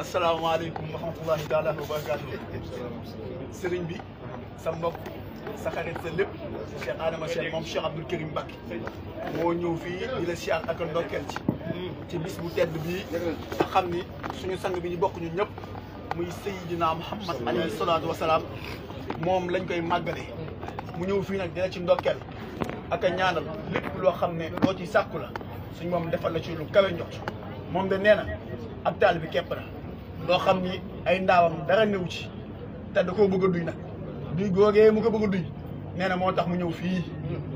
السلام عليكم ورحمه الله تعالى وبركاته سيرن بي سامبوك ساخاريت سليب شيخ ادم شيخ مام شيخ عبد الكريم باك مو نيو في دي لا شيخ اك نوكل تي تي بيس بو تيد بي خامني سونو سانغ بي ني بوك ني نيب موي سيدنا محمد عليه الصلاه والسلام موم لا نكاي ماغالي mu ñëw fii nag dina ci ndokkeel ak a ñaanal lépp loo xam ne loo ci sàkku la suñ moom defal la ci lu kawe njot moom de nee na taal bi kepp na loo xam ni ay ndaawam dara newu ci te da koo bëgg a duy nag di googee mu ko bëgg a duy nee na moo tax mu ñëw fii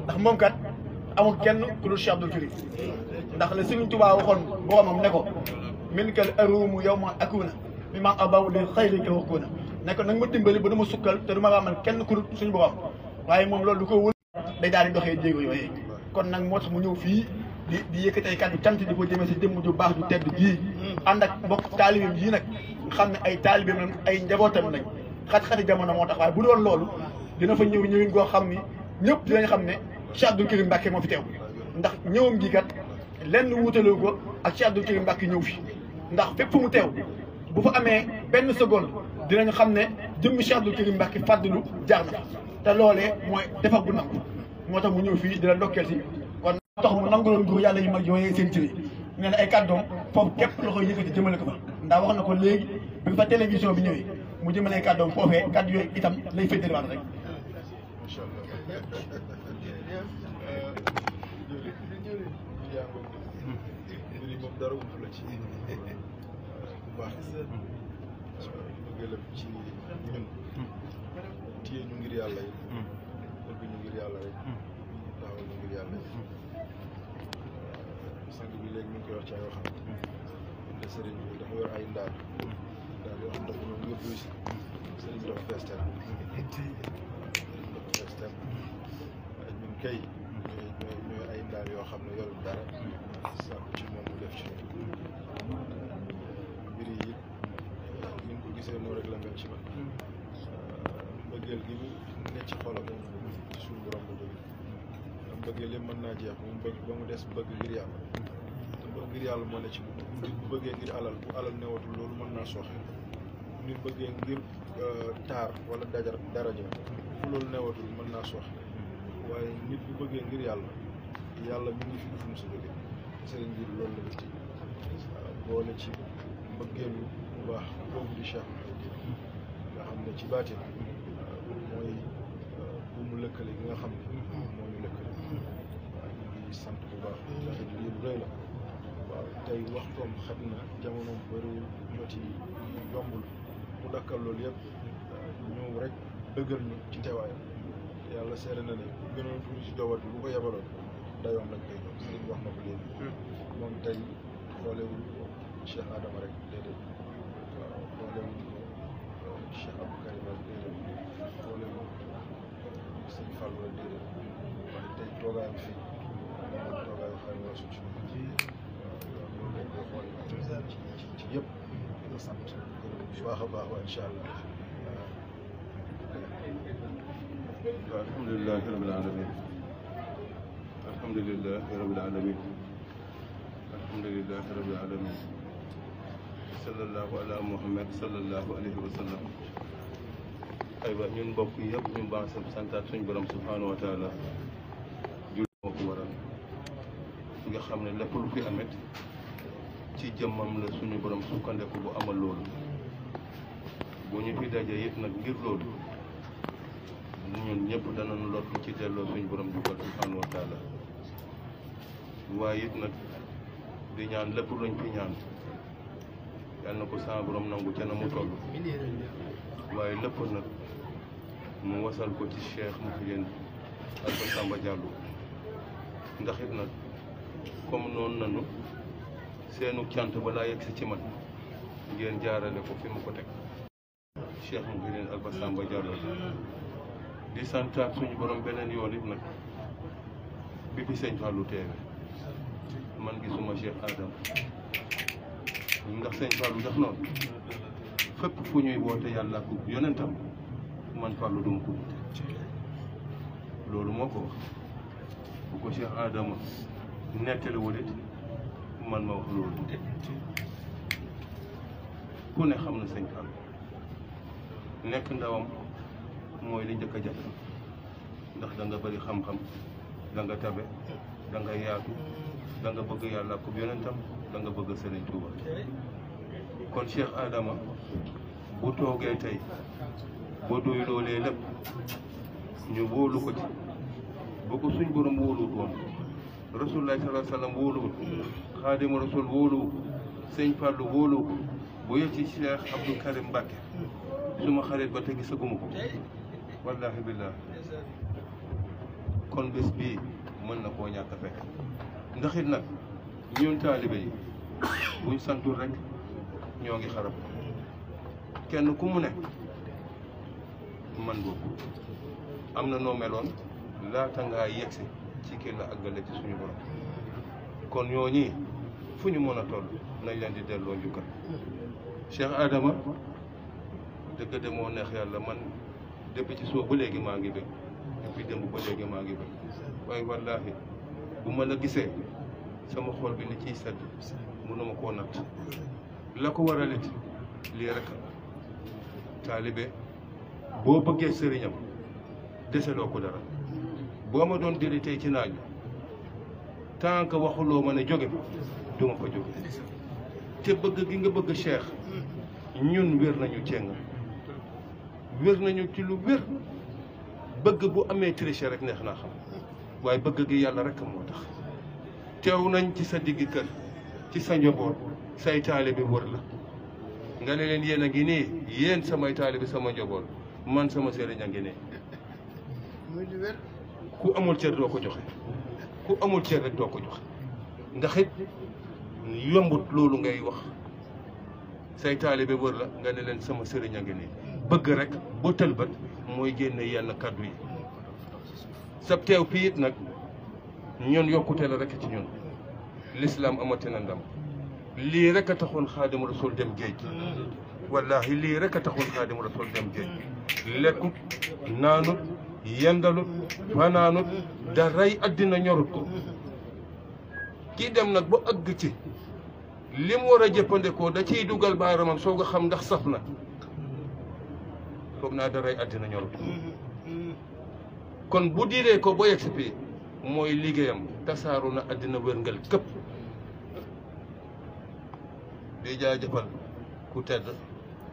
ndax moom kat amul kenn ku dul Cheikh Abdoul Karim ndax la Sëriñ Tuubaa waxoon boromam ne ko min kal aruumu yow ma akuna mi ma abaw li xëy li ko wakkuna ne ko nag ma dimbali ba du ma sukkal te du ma raamal kenn ku dul suñu waaye moom loolu du ko wël day daal di doxee jéego yooyee kon nag moo tax mu ñëw fii di di yëkkati ay kàddu di ko jëmee si jëmm ju baax ju tedd jii ànd ak mbokk taalibeem yii nag xam ne ay taalibeem lañ ay njabootam lañ xat-xati jamono moo tax waaye bu doon loolu dina fa ñëw ñëwin goo xam ni ñëpp dinañ xam ne Cheikh Abdou Karim Mbacké moo fi teew ndax ñëwam gi kat lenn wuutaloo ko ak Cheikh Abdou Karim Mbacké ñëw fi ndax fépp fu mu teew bu fa amee benn seconde dinañ xam ne jëmmi Cheikh Abdou Karim Mbacké fàddalu jaar na te loolee mooy defar bu nangu moo tax mu ñëw fii di la si kon tax mu nangu loon yàlla yu ma yooyee seen cëri nee na ay kàddoom foofu képp la koy yëkkati jëmale ko fa ndax wax na ko léegi bi fa télévision bi ñëwee mu jëmale ay kàddoom foofee kàddu yooyu itam lay féddaliwaat rek dara wut téye ñu ngir yàlla yi hmm. bëgg ñu ngir yàlla yi daawal hmm. ñu ngir yàlla yi hmm. sang bi léegi ñu ngi koy wax ci ay waxam de sëriñ bi dafa yor ay ndaal ndaal yoo xam dafa ñoom yëpp si sëriñ bi dafa fees tem sëriñ bi kay ñooy ñooy ay ndaal yoo xam ne yorul dara sàkku ci moom mu def ci mbir yi eh, it ko gisee noonu rek ci man mbëggeel ci xolam moom ci suñu mën naa jeex mu bëgg ba yàlla moo ne ci nit bu bëggee ngir alal bu alal newatul loolu mën naa soxe nit bëggee ngir euh, taar wala dajar daraja mën naa soxe waaye nit ngir yàlla yàlla mi ngi fi fu mu sa jógee sëriñ loolu la ci euh, boole ci mbëggeelu bu baax boobu di Cheikh nga xam ne ci baatin lëkkale bi nga xam ne moo ñu lëkkale waaw ñu ngi sant bu baax ndax lii lu rëy la waaw tey waxtoom xat na jamono bëriwul jot yi yombul mu dakkal loolu yëpp ñëw rek dëgër ñu ci teewaayam yàlla seere na ne gënoon tuuti si jowat bi bu ko yebaloon dayoom lañ koy wax na ko léegi moom tey xoolewul Cheikh Adama rek déedéet waaw xoolewul Cheikh Abdou Karim rek déedéet xoolewul sëñ Fallou la dégg kon tey toogaayam fii moom toogaayu Fallou la suñ suñu ji loolu lañ koy xool ci ci ci yëpp di ko sant bu baax a baax wa incha allah. waaw alhamdulilah rabil alamin alhamdulilah rabil alamin alhamdulilah rabil alamin sallallahu ala muhammad sallallahu alayhi wa sallam ay aywa ñun mbokk yi yëpp ñu baax santaat suñu borom subhaanahu wa taala julli moo ko waral nga xam ne lépp lu fi amet ci jëmmam la suñu borom sukkandeku bu amal loolu bu ñu fi daje it nag ngir loolu ñun ñëpp danañ lottu ci delloo suñu boroom jukkal subhaanahu wa taala waaye it nag di ñaan lépp luñ fi ñaan yàlla na ko sama borom nangu ca na mu waaye lépp nag mu wasal ko ci Cheikh Mouhidine Alpha Samba Diallo ndax it nag kom noonu nanu seenu cant balaa yegg si ci man ngeen jaarale ko fi mu ko teg Cheikh Mouhidine Alpha Samba Diallo di santaat suñu borom beneen yoon it nag bi fi sëñ Fallou teewe man gisuma Cheikh Adam ndax sëñ Fallou ndax noonu fépp fu ñuy woote yàlla yonentam man Fallou duma ko loolu moo ko wax bu ko Cheikh Adama nettali wut man ma wax loolu wute ne xam na sëñ Fallou nekk ndawam mooy li njëkk a ndax da nga bëri xam-xam da nga tabe da nga yaatu danga nga bëgg yàlla ak yonentam da nga bëgg Sëriñ Tuuba kon Cheikh Adama bu toogee tey boo doy loolee lépp ñu wóolu ko ci boo ko suñ borom wóoluwut woon rasulullah sallallahu alayhi wasallam wóoluwut xaadimu rasul wóoluwut sëñ Fallou wóoluwut bu yegg ci Cheikh Karim Mbacke suma xarit ba te gisaguma ko wallaahi billaah kon bés bii mën na koo ñàkk a fekk ndax it nag ñun taalibe yi buñ santul rek ñoo ngi xarab kenn ku mu ne man boobu am na noo meloon laata ngaa yegsi ci kenn la àggale ci suñu borom kon ñooñi fu ñu mën a toll nañ leen di delloo njukkal Cheikh Adama dëgg de moo neex yàlla man depuis ci soo ba léegi maa ngi bëgg depuis démb ba léegi maa ngi bëgg waaye wallaahi bu ma la gisee sama xol bi ni ciy sedd mënuma koo natt la ko waralit lii rek taalibe boo bëggee sëriñam deseloo ko dara boo ma doon jëlee tey ci naaju tant que waxuloo ma ne jóge fa du ma jóge te bëgg gi nga bëgg Cheikh ñun wér nañu ceng wér nañu ci lu wér bëgg bu amee triche rek neex naa xam waaye bëgg gi yàlla rek moo tax teew nañ ci sa digg kër ci sa njaboot say taalibe wër la nga ne leen yéen a ngi nii yéen samay taalibe sama njaboot. man sama sëriñ a ngi ne ku amul cër doo ko joxe ku amul cër rek doo ko joxe ndax it yombut loolu ngay wax say taalibe wër la nga ne leen sama sëriñ a ngi ne bëgg rek bu tëlbët mooy génne yenn kàddu yi sab teew fii nag ñun yokkute la rek ci ñun lislaam amati na ndam lii rek a taxoon xaadimu rasul dem géej wallaahi lii rek a taxoon xaadimu rasul dem géej lekkut naanut yendalut fanaanut daray addina ñorut ko kii dem nag ba ëgg ci li war a jëppandikoo da ciy dugal baaramam soo nga xam ndax saf na foog naa daray addina ñorut ko kon bu diiree ko ba yegsi fii mooy liggéeyam tasaaru na àddina wërngal këpp di jaajëfal ku tedd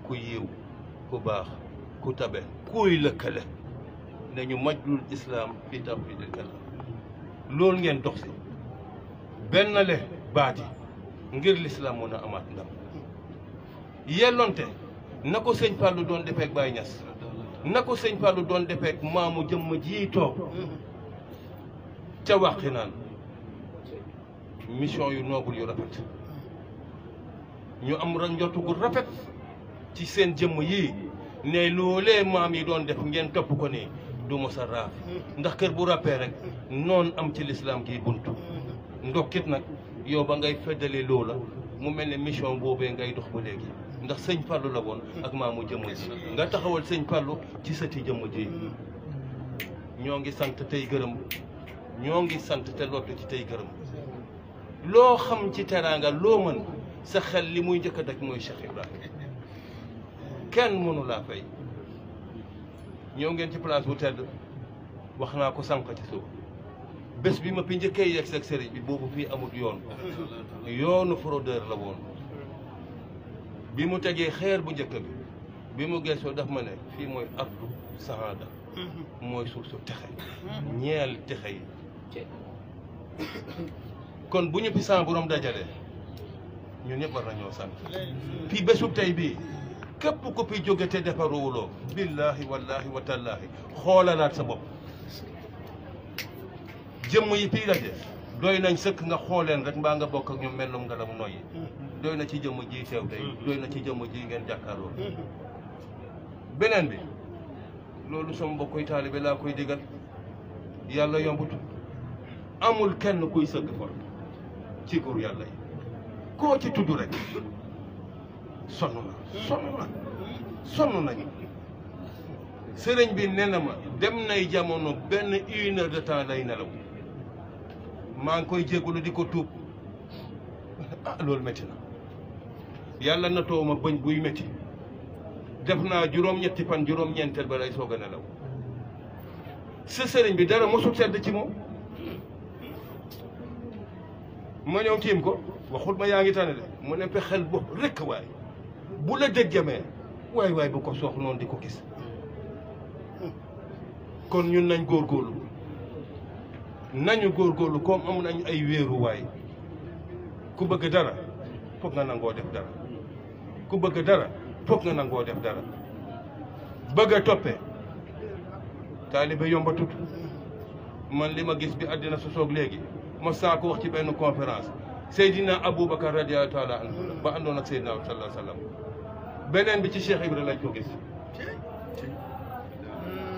ku yiw ku baax ku tabe kuy lëkkale nañu majlul islaam fi tawxiidil kalaam loolu ngeen dox si benn le baati ngir lislaam mën a amaat ndam yellonte na ko sëñ Fallou doon defeek Baye Niass na ko sëñ Fallou doon defeek maamu jëmm jii toog ca waxi naan mission yu noobul yu rafet ñu am ra njotu rafet ci seen jëmm yii ne loolee maam yi doon def ngeen topp ko nii du mos raaf ndax kër bu rappee rek noon am ci lislaam kii buntu ndokkit nag yow ba ngay feddali loola mu mel ne mission boobee ngay dox ba léegi ndax sëñ pallu la woon ak maamu jëmm ji nga taxawal sëñ Fallou ci sëti jëmm ji ñoo ngi sant tey gërëm ñoo ngi sant te lottu ci tey gërëm loo xam ci teraanga loo mën sa xel li muy njëkk a daj mooy Cheikh Ibrahima kenn mënu laa fay ñëw ngeen ci place bu tedd wax naa ko sànq bés bi ma fi njëkkee yegg ak sëriñ bi boobu fii amut yoon yoonu fraudeur la woon bi mu tegee xeer bu njëkk bi bi mu geesoo daf ma ne fii mooy ardu saada mooy suuf su texe ñeel texe yi kon bu ñu fi sa borom dajale ñun ñëpp war nañoo sant fii bésu tey bii képp ku fi jóge te defaruwuloo billahi wallahi wa tallahi xoolalaat sa bopp jëmm yi fii daje doy nañ sëkk nga xooleen rek mbaa nga bokk ak ñoom mellum nga lam noyyi doy na ci jëmm ji teew tey doy na ci jëmm ji ngeen jàkkaarloo beneen bi loolu sama mbokk yi taalibe laa koy digal yàlla yombut amul kenn kuy sëgg for ci góor yàlla koo ci tudd rek sonn na sonn na sonn nañu sëriñ bi nee na ma dem nay jamono benn une heure de nelaw maa ngi koy jégalu di ko tuub ah loolu métti na yàlla na too ma bëñ buy métti def naa juróom-ñetti fan juróom-ñeenteel ba lay soog a nelaw sa sëriñ bi dara mosul sedd ci moom ma ñëw tiim ko waxul ma yaa ngi tane de mu ne pexeel bopp rekk waaye bu la dëjjamee waay waay bu ko soox noonu di ko gis kon ñun nañ góorlu nañu góorgóorlu comme amu nañu ay wéeruwaay ku bëgg dara foog nga nangoo def dara ku bëgg dara foog nga nangoo def dara bëgg a toppee taalibe yombatut man li ma gis bi àddina sosoog léegi ma saa wax ci benn conférence Seydina Aboubacar radiyallahu taala anhu ba àndoon ak Seydina sallallahu alayhi wa beneen bi ci Cheikh Ibra lañ ko gis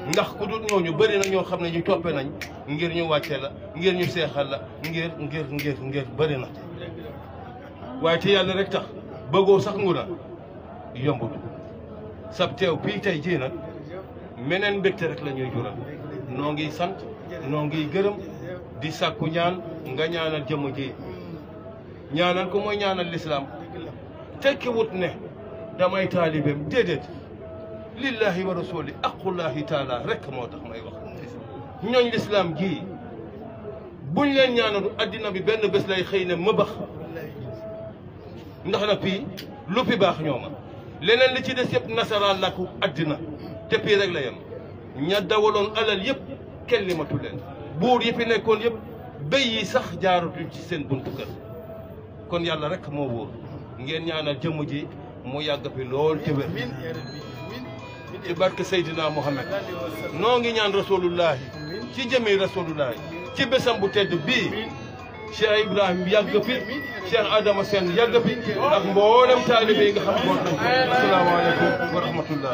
ndax ku dul ñooñu bëri na ñoo xam ne ñu toppee nañ ngir ñu wàcce la ngir ñu seexal la ngir ngir ngir ngir bëri na waaye ci yàlla rek tax bëggoo sax ngu na yombut sab teew bii tey jii nag meneen mbégte rek la ñuy jural noo ngi sant noo ngi gërëm di sàkku ñaan nga ñaanal jëmm ji ñaanal ko mooy ñaanal lislaam تكوتني يا ماي طالبم ديدت لله ورسوله اقول الله تعالى رك ما تخ ماي وقت نيون الاسلام جي بون لين نانو ادنا بي بن بس لاي خينا ما نحن ندخنا في لو في باخ نيوما لنن لي تي ديس يب نصر الله كو ادنا تي بي رك لا يم ña dawalon alal yep kelimatu len bour yep nekkon yep beyi sax jaarutun ci sen buntu kon yalla rek ngeen ñaanal jëmm ji mu yàgg fi lool te wér ci barke Seydina Muhammad noo ngi ñaan rasulullahi ci jëmi rasulullahi ci bésam bu tedd bii Cheikh Ibrahim yàgg fi Adama Sène yàgg fi ak mboolem taalibe nga xam boon nañ ko asalaamaaleykum wa rahmatullah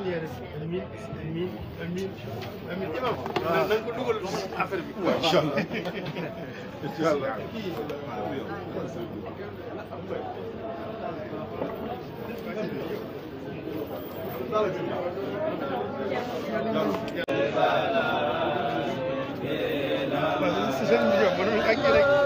امين يا امين امين امين امين